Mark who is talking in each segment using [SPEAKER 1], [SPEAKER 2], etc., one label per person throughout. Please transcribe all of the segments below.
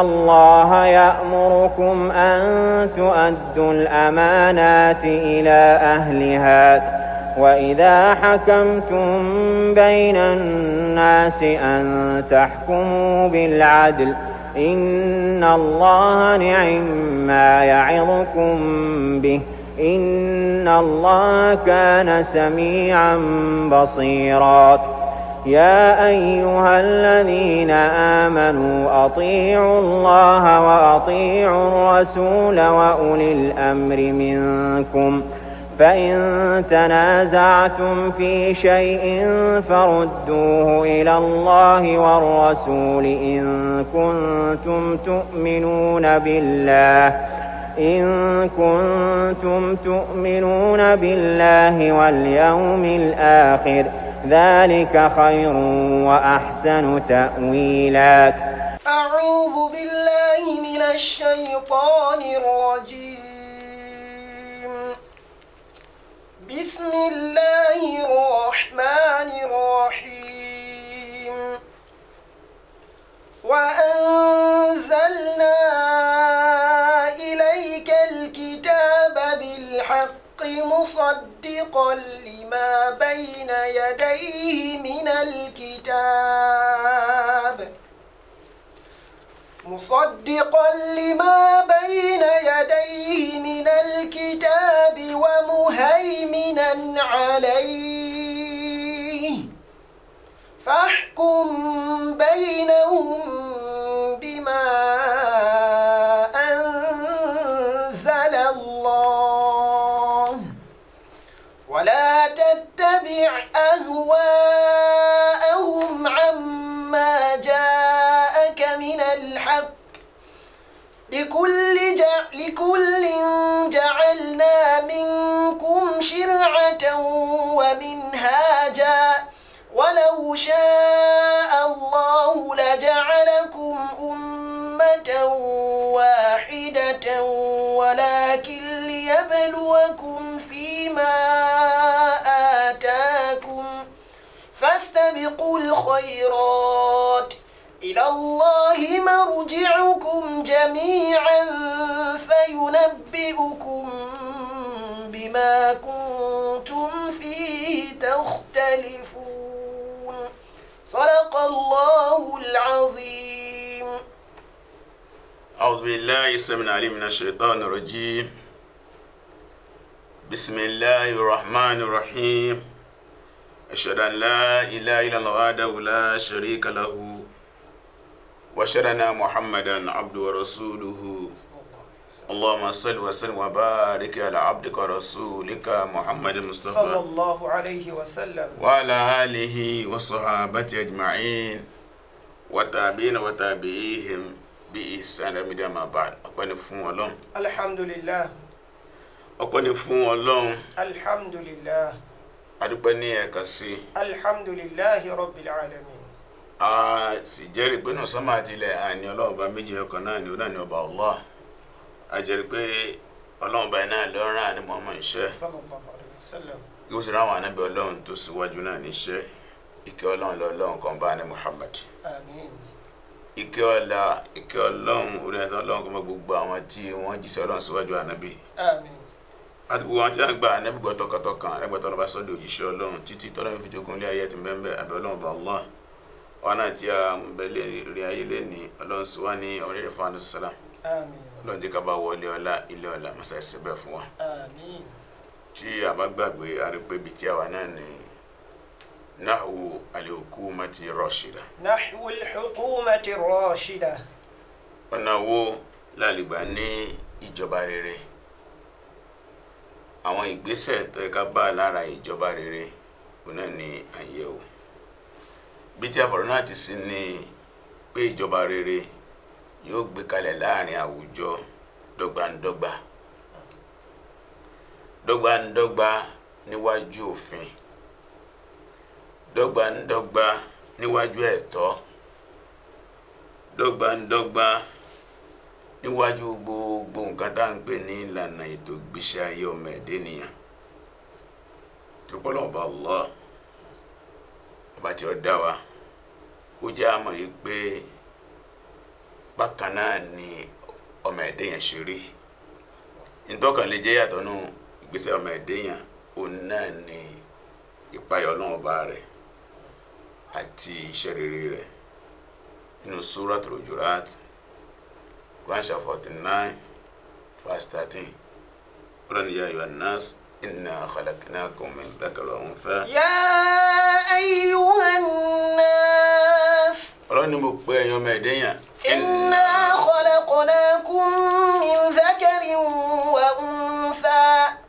[SPEAKER 1] الله يأمركم أن تؤدوا الأمانات إلى أهلها وإذا حكمتم بين الناس أن تحكموا بالعدل إن الله نعم ما يعظكم به إن الله كان سميعا بصيراً يا أيها الذين آمنوا أطيعوا الله وأطيعوا الرسول وأولي الأمر منكم فإن تنازعتم في شيء فردوه إلى الله والرسول إن كنتم تؤمنون بالله إن كنتم تؤمنون بالله واليوم الآخر ۖ ذلك خير وأحسن تأويلا
[SPEAKER 2] أعوذ بالله من الشيطان الرجيم بسم الله الرحمن الرحيم وأنزلنا مصدقا لما بين يديه من الكتاب مصدقا لما بين يديه من الكتاب ومهيمنا عليه فاحكم بينهم أمة واحدة ولكن ليبلوكم فيما آتاكم فاستبقوا الخيرات إلى الله مرجعكم جميعا فينبئكم بما كنتم فيه تختلفون صدق الله العظيم
[SPEAKER 3] أعوذ بالله السميع العليم من الشيطان الرجيم بسم الله الرحمن الرحيم أشهد أن لا إله إلا الله وحده لا شريك له وأشهد أن محمدا عبده ورسوله اللهم صل وسلم وبارك على عبدك ورسولك محمد المصطفى صلى
[SPEAKER 2] الله عليه وسلم
[SPEAKER 3] وعلى آله وصحابته أجمعين وتابعين وتابعيهم bí ìsàlámídà máa bá ọpẹ́ ni fún ọlọ́run.
[SPEAKER 2] alhamdulilah.
[SPEAKER 3] ọpẹ́ ni fún ọlọ́run.
[SPEAKER 2] alhamdulilah.
[SPEAKER 3] adúpẹ́ ní ẹ̀ka sí.
[SPEAKER 2] alhamdulilah rabbil alamin.
[SPEAKER 3] a sì jẹ́rìí pé nù sánmà tilẹ̀ àní ọlọ́run bá méjì ọkàn náà ni ó náà ní ọba Allah a jẹ́rìí pé ọlọ́run bá iná lọ́rùn àní Muhammad ṣẹ́.
[SPEAKER 2] sallallahu
[SPEAKER 3] yóò sì ráwọn anábì ọlọ́run tó síwájú náà níṣẹ́ ìkẹ́ ọlọ́run lọ́ọ́ ìkẹ́ ọ̀la ìkẹ́ ọlọ́run orí ẹ̀sán ọlọ́run kọ́ gbogbo àwọn tí wọ́n jíṣẹ́ ọlọ́run síwájú ànábì. láti gbogbo àwọn tí wọ́n gba ànábì gbọ́ tọkàntọkàn àrẹ́gbẹ́ tọ́lọ́ bá sọ́dọ̀ òjíṣẹ́ ọlọ́run títí tọ́lọ́ fi jogún ilé ayé ti bẹ́ẹ̀ abẹ́ ọlọ́run bá Allah ọ̀nà tí a bẹ rí ayé lé ní ọlọ́run ní ọmọdé rẹ̀ fún àwọn sọ́sọ́lá ọlọ́run ká bá wọlé ọlá ilé ọlá mọ́sáyẹsẹ bẹ́ẹ̀ fún wa tí a bá gbàgbé arípébi tí a náà nìyí نحو الحكومة الراشدة
[SPEAKER 2] نحو الحكومة الراشدة
[SPEAKER 3] ọ̀nà لا la lè gbà ní ìjọba rere àwọn ìgbésẹ̀ tó yẹ ká bá lára ìjọba rere òun náà ni àyẹ̀wò bí tí àfọ̀rọ̀ náà ti sí ni pé ìjọba rere yóò gbé kalẹ̀ láàrin àwùjọ dọ́gbandọ́gba dọ́gbandọ́gba níwájú òfin dọ́gbandọ́gba níwájú ẹ̀tọ́ dọ́gbandọ́gba níwájú gbogbo nǹkan ń pè ní ìlànà ọmọ ẹ̀dẹ́ ènìyàn ọba lọ ọba tí ó dá wa ó yìí ọmọ ẹ̀dẹ́ yẹn ṣe rí ntọ́kàn lè jẹ́ yàtọ̀ ọmọ yẹn òun náà ni ìpayọ̀ àti iṣẹ́ rere rẹ̀ nínú Suratul Hujurat Quran chapter forty nine verse thirteen ọlọ́run ní yā ayyuhan nās innā khalaqnākum min dhakarin wa unthā.
[SPEAKER 2] yā ayyuhan nās.
[SPEAKER 3] ọlọ́run ní mo pè ẹ̀yin ọmọ ẹ̀dẹ́yàn.
[SPEAKER 2] innā khalaqnākum min dhakarin wa unthā.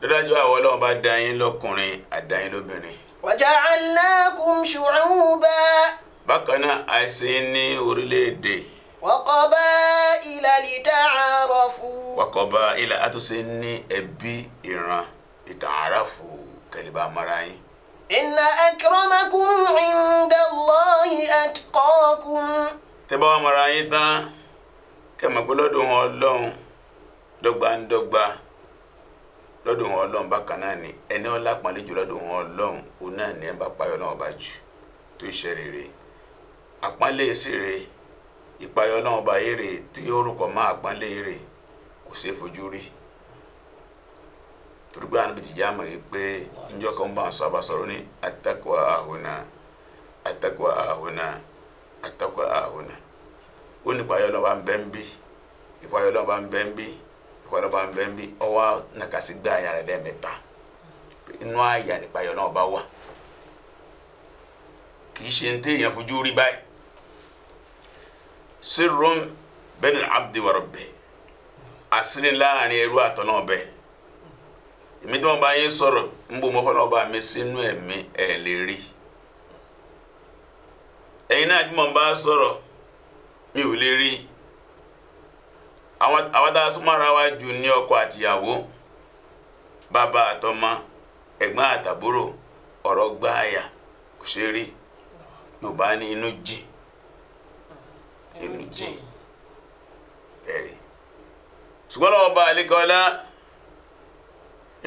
[SPEAKER 3] dájú àwọn ọlọ́run bá dá yín lọ́kùnrin àdá yín lóbìnrin.
[SPEAKER 2] وجعلناكم شعوبا
[SPEAKER 3] bákan náà a ní orílẹ̀-èdè.
[SPEAKER 2] وقبائل لتعارفوا.
[SPEAKER 3] وقبائل a tún ṣe ní ẹbí ìran ìtàáràfù kẹlẹ́bà mara yín.
[SPEAKER 2] إن أكرمكم عند الله أتقاكم.
[SPEAKER 3] tẹ́ bá wà mara yín tán kẹ́ pé lọ́dún Ọlọ́run dọ́gbandọ́gba. lọ́dọ̀ wọn ọlọ́run kan náà ni ẹni ọlápọ̀nlé jù lọ́dọ̀ wọn ọlọ́run òun náà ni ẹ bá payọ́ náà bá jù tó ṣe rere àpọ́nlé sí re ìpayọ́ náà bá tí orúkọ máa àpọ́nlé kò fojú rí pé ní atakwa ahona atakwa ahona atakwa ahona ó ní ìpayọ́ náà kọ́dọ̀ bá ń bẹ́ ń bí ọwọ́ nàkàsí gbá àyà rẹ̀ lẹ́ẹ̀mẹ́ta inú àyà nípayọ̀ náà ọba wa kì í ṣe ń téèyàn fojú rí báyìí sirrun abdi wa rabbi àṣírí láàrin ẹrú atọ na èmi tí wọ́n bá yín sọ̀rọ̀ ọba mi sínú lè rí náà tí àwọn tá ju n'ọkọ ara wa jù ní ọkọ àtìyàwó bàbá àtọmọ ẹ̀gbọ́n àtàbúrò ọ̀rọ̀ gbáàyà kò ṣe rí yorùbá ní inú jì inú jì ti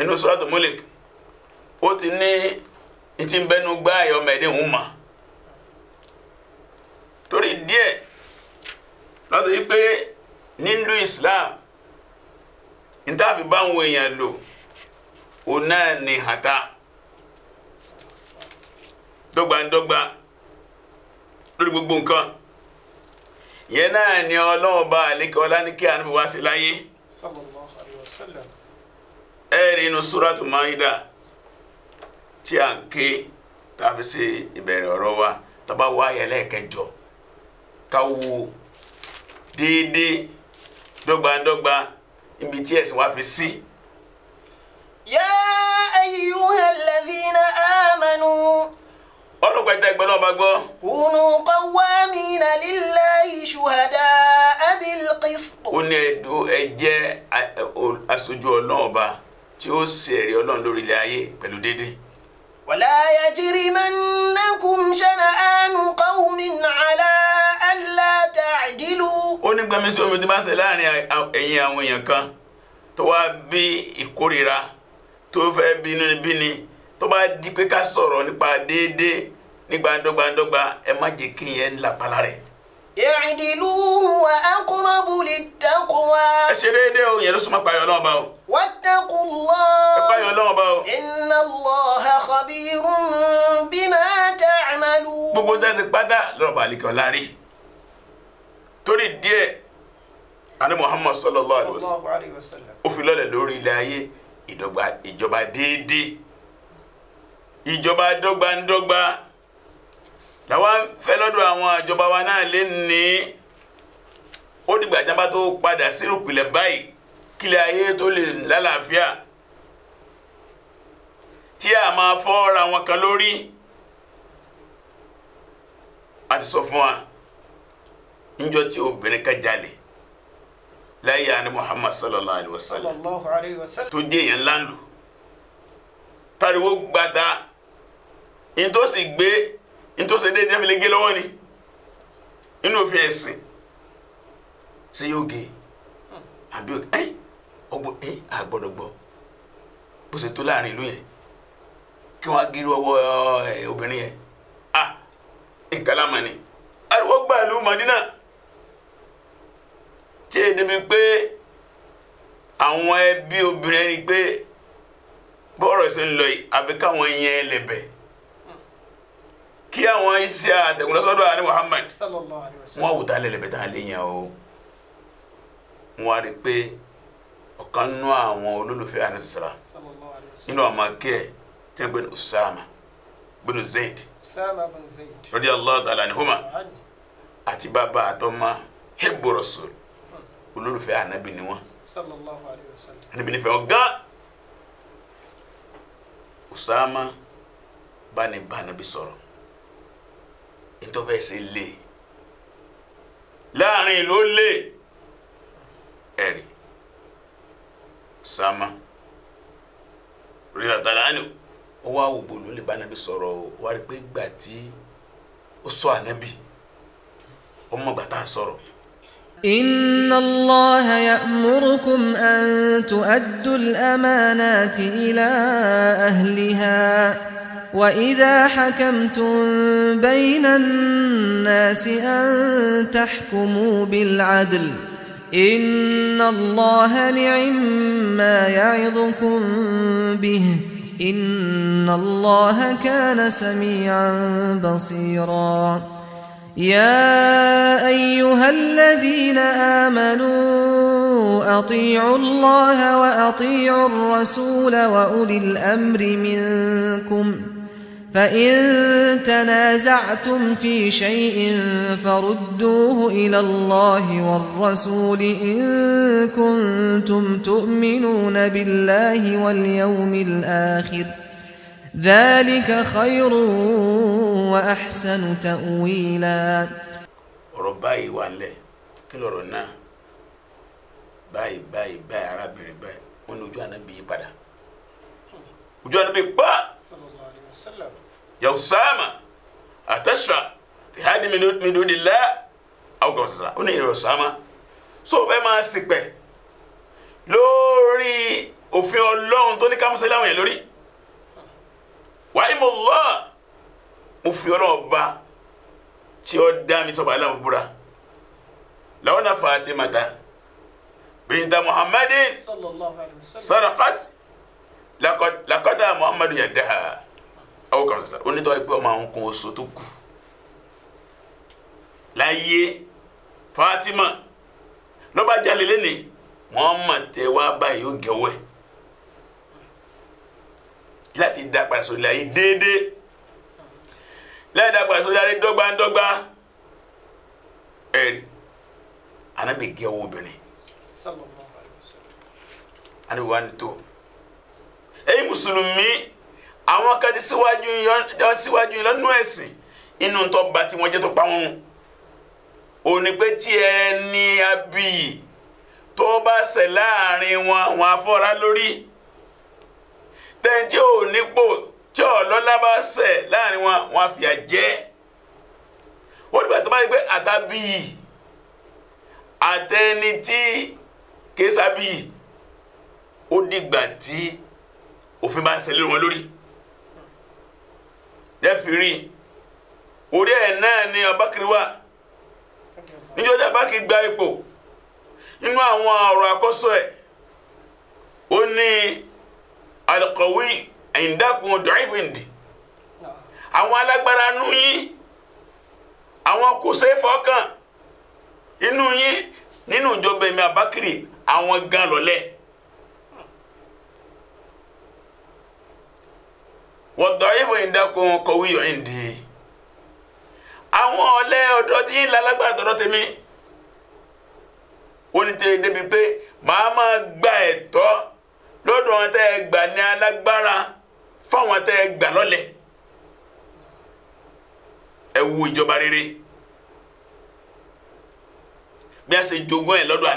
[SPEAKER 3] ní ti ń bẹnu ọmọ ẹ̀dín òun torí díẹ̀ nílùú islam ìtàfi báwọn èèyàn lò o náà ni hàtà dọ́gbandọ́gba lórí gbogbo nǹkan yẹn náà ni ọlọ́ọ̀bá àlékẹ́ ọláníkẹ́ àníbí wá sí láyé sallallahu alaihi wasallam ẹ̀rí inú súrátù Máídà tí a ń ké tàbí sí ìbẹ̀rẹ̀ ọ̀rọ̀ wa tàbá wáyẹ̀ lẹ́ẹ̀kẹjọ káwó déédéé dọ́gbandọ́gba ibi tí ẹ̀sìn wa fi sí.
[SPEAKER 2] yá ayyuhal ladhina amanu.
[SPEAKER 3] ọlọ́pàá ìta ìgbọ́n náà bá gbọ́. kunu
[SPEAKER 2] qawwamina lillahi shuhada'a bil qist.
[SPEAKER 3] ó ní ẹ jẹ́ aṣojú Ọlọ́run tí ó ṣe ẹ̀rí Ọlọ́run ayé pẹ̀lú déédéé.
[SPEAKER 2] ولا يجرمنكم شنآن قوم على ألا تعدلوا
[SPEAKER 3] ó ní gbàmí sí omi tó bá ṣe láàrin ẹ̀yìn àwọn èèyàn kan tó wá bí ìkórìíra tó fẹ́ bínú bíni tó bá di pé ká sọ̀rọ̀ nípa déédéé nígbà dọ́gbadọ́gba ẹ má jẹ́ kí yẹn làpàlà rẹ̀.
[SPEAKER 2] I'dilu huwa aqrabu lit-taqwa. Ẹ
[SPEAKER 3] ṣe déédéé o, yẹn ló súnmọ́ payọ̀ náà bá o.
[SPEAKER 2] Wattaqullaha. Ẹ payọ̀ náà bá o. Inna Allaha
[SPEAKER 3] gbogbo dáni padà lọ́rọ̀ bàlíkẹ́ ọ̀la rí torí díẹ̀ àní Muhammad sallallahu
[SPEAKER 2] alayhi wa sallam
[SPEAKER 3] ó fi lọ́lẹ̀ lórí ilẹ̀ ayé ìjọba déédéé ìjọba dọ́gbandọ́gba làwa ń fẹ́ lọ́dọ̀ àwọn ìjọba wa náà lè ní ó dìgbà jábá tó padà sírù pìlẹ̀ báyìí kílẹ̀ ayé tó lè lálàáfíà tí a máa fọ́ ra wọn kan lórí a fún tí obìnrin ká jalè láyé àní muhammad sallallahu alayhi wa sallam tó jẹ́ èèyàn láńlù tariwo gbàdá in tó sì gbé in tó sì dé ìdí ẹ̀fìlẹ̀ inú òfin ẹ̀sìn ṣe yóò gé àbí ọgbọ́n tó láàrin ìlú yẹn nǹkan lámà ariwo gba ìlú Madina tí èdè bíi pé àwọn ẹbí obìnrin ni pé bọ́ọ̀rọ̀ sí ń lọ yìí àfi káwọn yẹn lẹ̀bẹ̀ kí àwọn iṣẹ́ àtẹ̀kùn àní Muhammad wọ́n wò tá lẹ̀lẹ̀bẹ̀ tá léyìn o wọ́n á rí pé ọ̀kan nú àwọn olólùfẹ́ àníṣìṣẹ́ra nínú ọmọ akẹ́ tí wọ́n gbé ní Usama bin Zaid radiyallahu ta'ala anhuma àti bàbá àtọ́mọ hibbu rasul olólùfẹ́ ànábì ni wọ́n ànábì nífẹ̀ẹ́ wọn gán Usama bani banabi sọ̀rọ̀ ìtọ́fẹ́sẹ̀ lè láàrin ìlú lè ẹ̀rì Usama rí àtàlánìí ó wá òbò ló lè bá anabi sọ̀rọ̀ o wá rí i pé gbà tí ó sọ anabi soro wa ri pe gba ti gbà tá sọ̀rọ̀.
[SPEAKER 4] إن الله يأمركم أن تؤدوا الأمانات إلى أهلها وإذا حكمتم بين الناس أن تحكموا بالعدل إن الله نعم ما يعظكم به إن الله كان سميعا بصيرا يا أيها الذين آمنوا أطيعوا الله وأطيعوا الرسول وأولي الأمر منكم ۖ فإن تنازعتم في شيء فردوه إلى الله والرسول إن كنتم تؤمنون بالله واليوم الآخر ذلك خير وأحسن تأويلا
[SPEAKER 3] رباي والله كل رنا باي باي باي عربي باي ونجوانا بي بدا وجوانا بي با صلى
[SPEAKER 2] الله عليه وسلم
[SPEAKER 3] ya usama atashra bihadi minudillah awugasasa ó ní ìrẹ usama so ó fẹ́ máa ṣìpẹ̀ lórí òfin ọlọ́run tó ní ká mọ́sálẹ́ àwọn yẹn lórí wàá mọ̀ lọ́ mo fi ọlọ́run ba tí ó dá mi sọ̀bà aláwọ̀ búra làwọn náà Fatima ta binta Muhammadin sadaqat lakọ́tà Muhammadu yadaha ọwọ́ kan ṣẹṣẹ onítọ̀ ẹgbẹ́ ọmọ àwọn kan oṣù tó kù láyé Fatima lọ́ba jalè lẹ́ni wọ́n mọ̀ tẹ́ wá báyìí ó gẹ̀wẹ́ láti dá padà sórí ayé déédéé láti dá padà sórí ayé dọ́gbandọ́gba ẹ̀rí anábì gẹ̀wọ́ obìnrin anábì wà ní tó ẹ̀yin mùsùlùmí àwọn kan ti síwájú yọ síwájú lọ́nú ẹ̀sìn inú tó ba tí wọ́n jẹ́ tó pa wọ́n mu òní pé tí ẹni abiyì tó bá ṣẹ̀ láàrin wọn àwọn afọ́ra lórí tẹ́ńtì ò nípò tí ọlọ́lá bá ṣẹ̀ láàrin wọn àwọn àfìyà jẹ́ ó dìgbà tó bá yẹ pé àtàbíyì àtẹni tí kèésàbíyì ó dìgbà tí òfin bá ń ṣẹlẹ̀ wọn lórí lẹ́fìrí orí ẹ̀ náà ni abakiri wa, níjọ́ tí Abubakar gba ipò nínú àwọn ọ̀rọ̀ àkọ́sọ ẹ̀ ó ní alqawi indakum da'if indi àwọn alágbára nú yín àwọn kò ṣe fọkàn inú yín nínú ìjọba èmi Abubakar àwọn gan wọ̀dọ̀ìfù ìdákun kọ̀wé yọ̀ àwọn ọlẹ́ ọdọ́ tí ń lalágbára tọ̀dọ̀ tèmi ó ní tẹ́ débi pé màá ma gba ẹ̀tọ́ lọ́dọ̀ wọn tẹ́ gbà ní alágbára fáwọn tẹ́ gbà lọ́lẹ̀ rere bí a jogún ẹ̀ lọ́dọ̀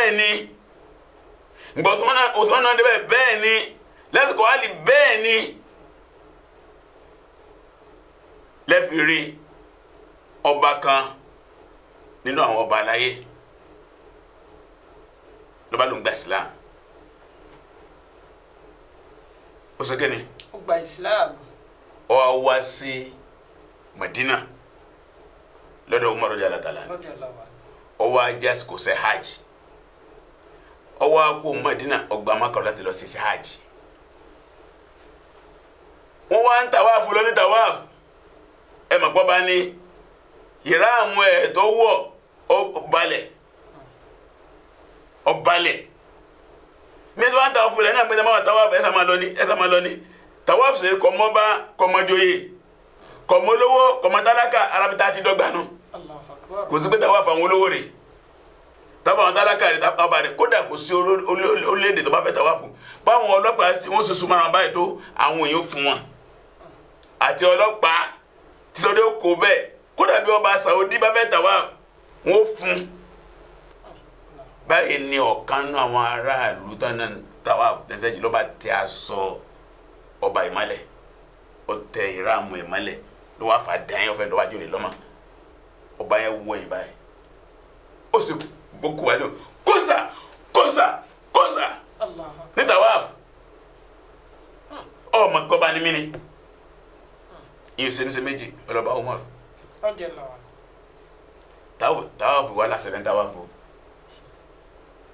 [SPEAKER 3] tí ǹgbà Usman náà Usman náà débẹ̀ bẹ́ẹ̀ ni lásìkò Ali bẹ́ẹ̀ ni lẹ́fi rí ọba kan nínú àwọn ọba aláyé ló ló ń gba islam ó sọ kẹ́ni.
[SPEAKER 2] ó gba islam.
[SPEAKER 3] ó wá wá sí Madina lọ́dọ̀ Umar rọ́jà látàlá ó wá jásí kò ọwọ́ akó Madina ọgbà Mákà láti lọ sí hajj wọ́n wá ń tàwáàfù lọ ní tàwáàfù ẹ mọ̀ pọ́ bá ní ìrá àwọn ẹ̀ tó wọ̀ ọbalẹ̀ ọbalẹ̀ mẹ́tọ́ wá ń tàwáàfù rẹ̀ náà pẹ́sàmọ́ tàwáàfù ẹ̀sà máa lọ ẹ̀sà máa lọ ní tàwáàfù sí kọmọba kọmọjoyè kọmọlówó kọmọtálákà arábítà ti dọ́gbanú kò sí pé tàwáàfù àwọn olówó rèé táwọn àwọn tálákà rẹ̀ tábà rẹ̀ kódà kò sí orílẹ̀-èdè tó bá fẹ́ tàwa fún báwọn ọlọ́pàá tí wọ́n soso mara báyìí tó àwọn èèyàn fún wọn àti ọlọ́pàá tí sọdẹ́ kò bẹ́ẹ̀ kódà bí ọba Saudi bá fẹ́ tàwa wọ́n fún báyìí ni ọ̀kan náà àwọn aráàlú tàwa tẹ̀sẹ̀ jù lọ́ba tẹ aṣọ ọba ìmọ̀lẹ̀ ó tẹ ìrààmù ìmọ̀lẹ̀ ló wá fà dán yẹn fẹ́ lọ́wájú rẹ̀ lọ́mọ ọba yẹn wọ ìbáyìí ó sì kú gbogbo wa Kosa, Kosa, kóńsà kóńsà ní tawaf ọmọ hmm. gbọba ni mí ni hmm. iye sẹnisẹ méjì ọlọba umar tawaf wà lásìrè tawaf o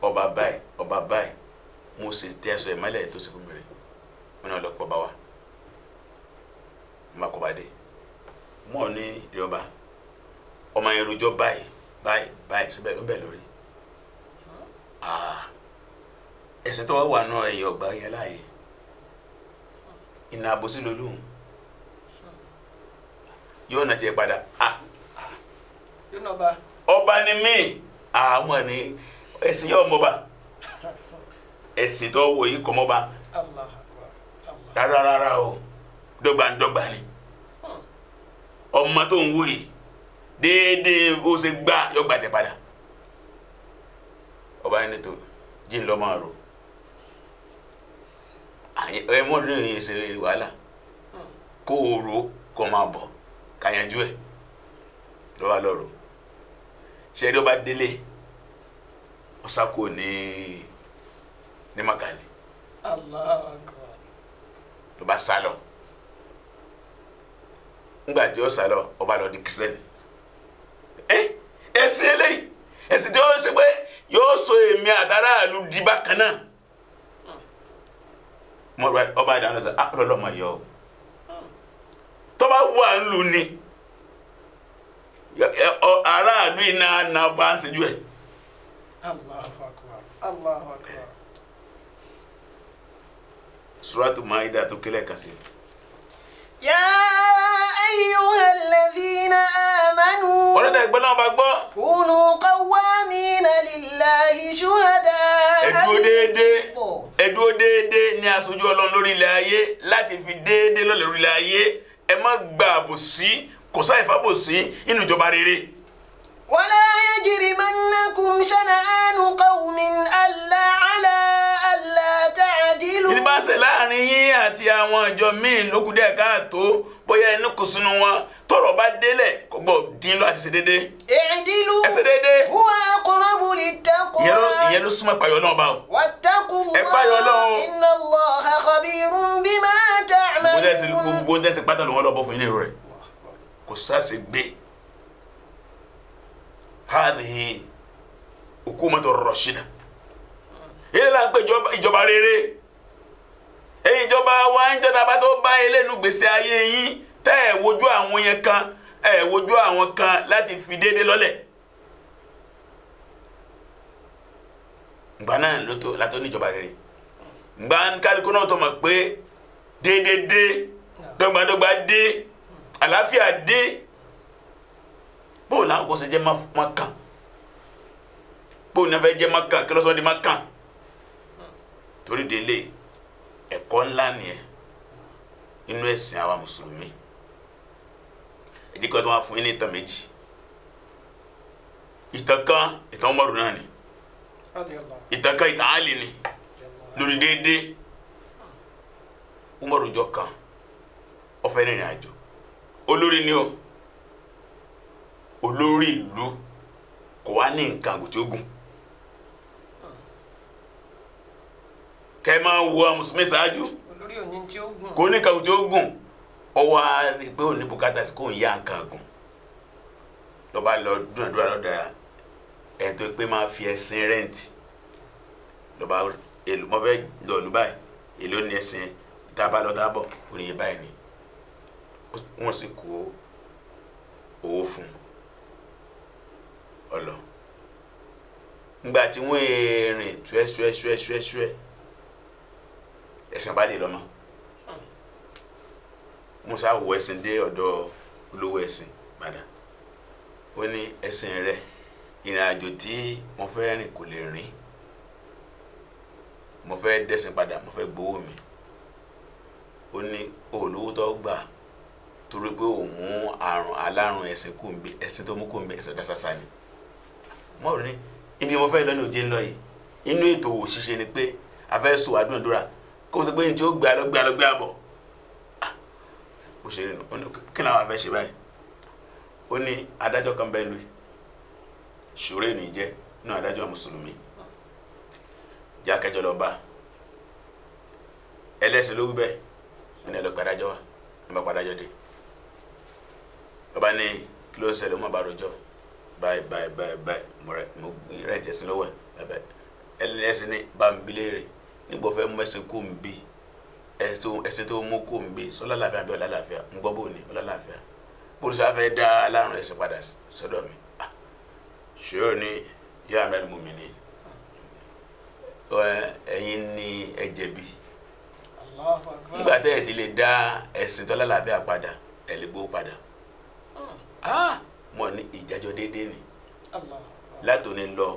[SPEAKER 3] ọba báyìí ọba báyìí mo sì tẹsọ ìmọ́lẹ̀ tó sì fún mi rè mo ní ọlọpàá bá wa mo de. kọ bá dé mo ní ìrọba ọmọ yẹn rojọ báyìí báyìí báyìí síbẹ̀ ló bẹ̀ lórí Ah. ẹ̀sìn tó wá wà náà ẹ̀yìn ọgbà yẹn láàyè ìnà àbòsí lolóhùn yóò nà jẹ padà ah. ọba ni mí àwọn ah, ni ẹ̀sìn yóò mọba ẹ̀sìn tó wò yìí kọ́ mọba rárá rárá o dọ́gbandọ́gba ni hmm. ọmọ tó ń wò yìí déédéé ó ṣe gbá yọgbà jẹ padà. ọba ẹni tó jí ń lọ máa rò ẹmọdún yìí ṣe wàhálà kó o rò kó máa kàyànjú lọ́wọ́ lọ́rọ̀ ṣe ẹni ọba délé ọ̀sákò ní ní makani ló bá sá ńgbà tí ó sálọ ọba lọ di ẹ ẹ èsì tí ó ṣe pé yóò so èmi àtàràlù di bákan ah, náà ọba ìdáná sọ àpọlọlọmọ yọ tọba wà ń lù ni aráàlú iná na bá ń ṣẹ́jú ẹ.
[SPEAKER 2] Allahu akbar Allahu akbar.
[SPEAKER 3] Suratu Maida tó kílẹ̀
[SPEAKER 2] يا أيها الذين آمنوا
[SPEAKER 3] كونوا قوامين لله شهداء gbọ́. kunu
[SPEAKER 2] qawwamina lillahi shuhada. ẹ̀dúró déédéé
[SPEAKER 3] ẹ̀dúró déédéé ní aṣojú ọlọ́run lórí ilẹ̀ ayé láti fi déédéé lọ́lẹ̀ lórí ilẹ̀ ayé ẹ má gba kò sáyẹ̀fà bòsí nínú ìjọba rere.
[SPEAKER 2] ولا يجرمنكم شنآن قوم ألا على ألا تعدلوا. ìdí bá ṣe
[SPEAKER 3] láàrin yín àti àwọn ìjọ míì lókùdí ẹ̀ka àtó bóyá ẹnu kò sínú wọn tọ́rọ̀ bá délẹ̀ kò gbọ́ dín lọ àti ṣe déédé.
[SPEAKER 2] ìdílù ẹ ṣe déédé. huwa aqrabu littaqwa.
[SPEAKER 3] ìyẹn ló súnmọ́ ìpayọ̀ náà bá o.
[SPEAKER 2] wattaqullaha inna Allaha khabirun bima ta'malun. gbogbo
[SPEAKER 3] dẹ́sẹ̀ pátá ló wọ́n lọ bọ́ fún ilé rẹ̀ kò sáà ṣe gbé. hadhihi hukumatu rashida ilé la ń pè rere èyí wa ń jọta bá tó bá eléyìí gbèsè ayé te tẹ́ ẹ̀ wojú kan ẹ̀ kan fi déédéé lọle ìgbà náà ló tó rere ìgbà kálukú náà tó mọ̀ pé déédéé dé dọ́gbadọ́gba dé bóò làwọn kò ṣe jẹ́ má kàn bóò ní wọ́n fẹ́ jẹ́ má kàn kí lọ́sọ̀ọ́ di má kàn torí délé ẹ̀kọ́ ńlá nìyẹn inú ẹ̀sìn àwa mùsùlùmí ìdíkọ̀ tó wà fún yín ní ìtàn méjì ìtàn kan ìtàn Umaru náà ni ìtàn kan ìtàn Ali ni lórí déédéé Umaru jọ kan ó fẹ́ rìnrìn àjò olórí ni o olórí ìlú kò wá ní nǹkan àgùntí ogun kẹ máa wo mùsùlùmí ṣáájú kò ní nǹkan àgùntí ogun ọwọ́ rí pé òní bùkátà sí kò ń yá nǹkan àgùn lọ́ba lọ dúnàdúrà lọ́dà ẹni tó pé máa fi ẹ̀sìn rẹ́ǹtì lọ́ba èlò mọ́fẹ́ lọ́ọ̀lù báyìí èlò ní ẹ̀sìn tá a bá lọ́ọ́ dábọ̀ báyìí ni wọ́n sì kó owó fún un ọlọ ngba tí wọn rìn tuẹtuẹtuẹtuẹ ẹsìn bá lè lọmọ musa wọ ẹsìn dé ọ̀dọ̀ olówó ẹsìn padà ó ní ẹsìn rẹ ìrìn àjò tí mo fẹ́ rìn kò lè rìn mo fẹ́ dẹ́sìn padà mo fẹ́ gbowó mi ó ní olówó tó gbà torí pé òun mú àrùn alárùn ẹsìn kò ń ẹsìn tó mú kò ń bẹ ẹsìn dásásá ni wọn ní ibi mo fẹ́ lọ ní òjé ńlọ yìí inú ètò òṣìṣẹ́ ni pé afẹ́ so àdúrà kó o sọ pé n tí ó gbé alọ́ gbé alọ́ gbé àbọ̀ ah, bó ṣe rí nu ó ní kí làwọn afẹ́ ṣe báyìí ó ní adájọ́ kan bẹ́ẹ̀ lu ṣòro ènìyàn jẹ́ nínú adájọ́ mùsùlùmí jẹ́ akẹ́jọ lọ bá ẹlẹ́sìn ló wí bẹ́ẹ̀ ẹni ẹ lọ gbàdájọ́ wa ẹ má gbàdájọ́ dé bàbá ní kí ló ń ṣẹlẹ̀ ó má bàa rojọ́ bai báyìí báyìí báyìí báyìí mo rẹ̀ tẹ̀sí lọ́wọ́ ẹ̀bẹ̀ ẹlẹ́ni ẹ̀sìn ní bambílẹ̀ rẹ̀ nígbà fẹ́ mú ẹ̀sìn kó ń bí ẹ̀sìn tó mú kó ń bí sọlá làáfíà bí ọ̀là làáfíà ń gbọ́ bò ní ọ̀là làáfíà polisi afẹ́ dá alárùn ẹ̀sìn padà sọ́dọ̀ mi ṣòro ní yá amẹ́rin mú mi ní ẹ̀yin ní ẹ̀jẹ̀ bí nígbà tẹ́ ẹ̀ ti lè dá ẹ̀sìn tọ́lá làáfíà padà ẹ̀ lè gbó padà.
[SPEAKER 2] Hmm
[SPEAKER 3] mo ní ìdájọ́ déédéé ni látòní lọ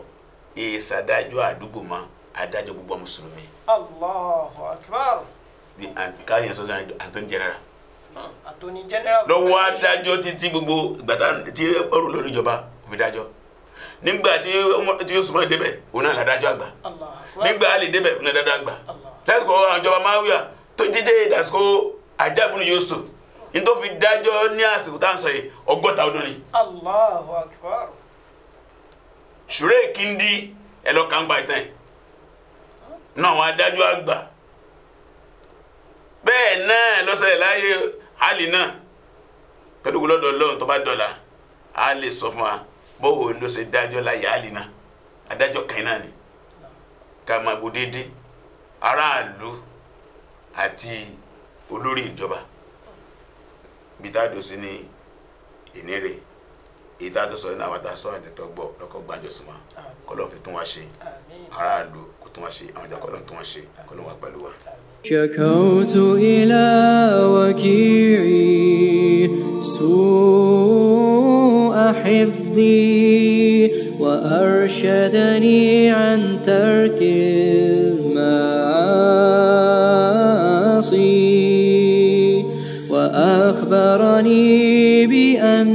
[SPEAKER 3] ìṣàdájọ́ àdúgbò mọ́ adájọ́ gbogbo mùsùlùmí.
[SPEAKER 2] Allahu Akbar.
[SPEAKER 3] bí àǹká yẹn sọ́dọ̀ àtọ́ni jẹnẹra.
[SPEAKER 2] àtọ́ni jẹnẹra.
[SPEAKER 3] lọ́wọ́ adájọ́ títí gbogbo gbàtà tí ọrùn lórí ìjọba kò fi dájọ́ nígbà tí yóò súnmọ́ débẹ̀ òun náà ládájọ́ àgbà nígbà alẹ́ débẹ̀ òun náà ládájọ́ àgbà lásìkò àwọn ìjọba máa ń wíwà tó jíjẹ́ ìdásíkò ajábùnú Yusuf n tó fi dájọ́ ní àsìkò tá à ń sọ yìí ọgọ́ta ọdún ni.
[SPEAKER 2] Allahu Akbar.
[SPEAKER 3] ṣùrẹ́ kíndí ẹlọ́ka ń gba ìtàn yìí náà wọn adájọ́ àgbà bẹ́ẹ̀ náà lọ́sẹ̀ láyé Àlì náà pẹ̀lú gbọ́dọ̀ lọ́hùn tó bá dọ̀la a lè sọ fún wa bọ́wọ́ ló ṣe dájọ́ láyé Àlì náà adájọ́ kan náà ni ká máa déédéé aráàlú bitado sí ní ìnírè èyí tá a tó sọ nínú àwọn àtàsọ àtẹtọ gbọ lọkọ gbàjọ sí kọlọ fi tún wá ṣe aráàlú kò tún wá ṣe àwọn ìjà kọlọ tún wá ṣe kọlọ wà pẹ̀lú
[SPEAKER 1] wa. شكوت إلى وكيعي سوء
[SPEAKER 4] حفظي وأرشدني عن ترك um,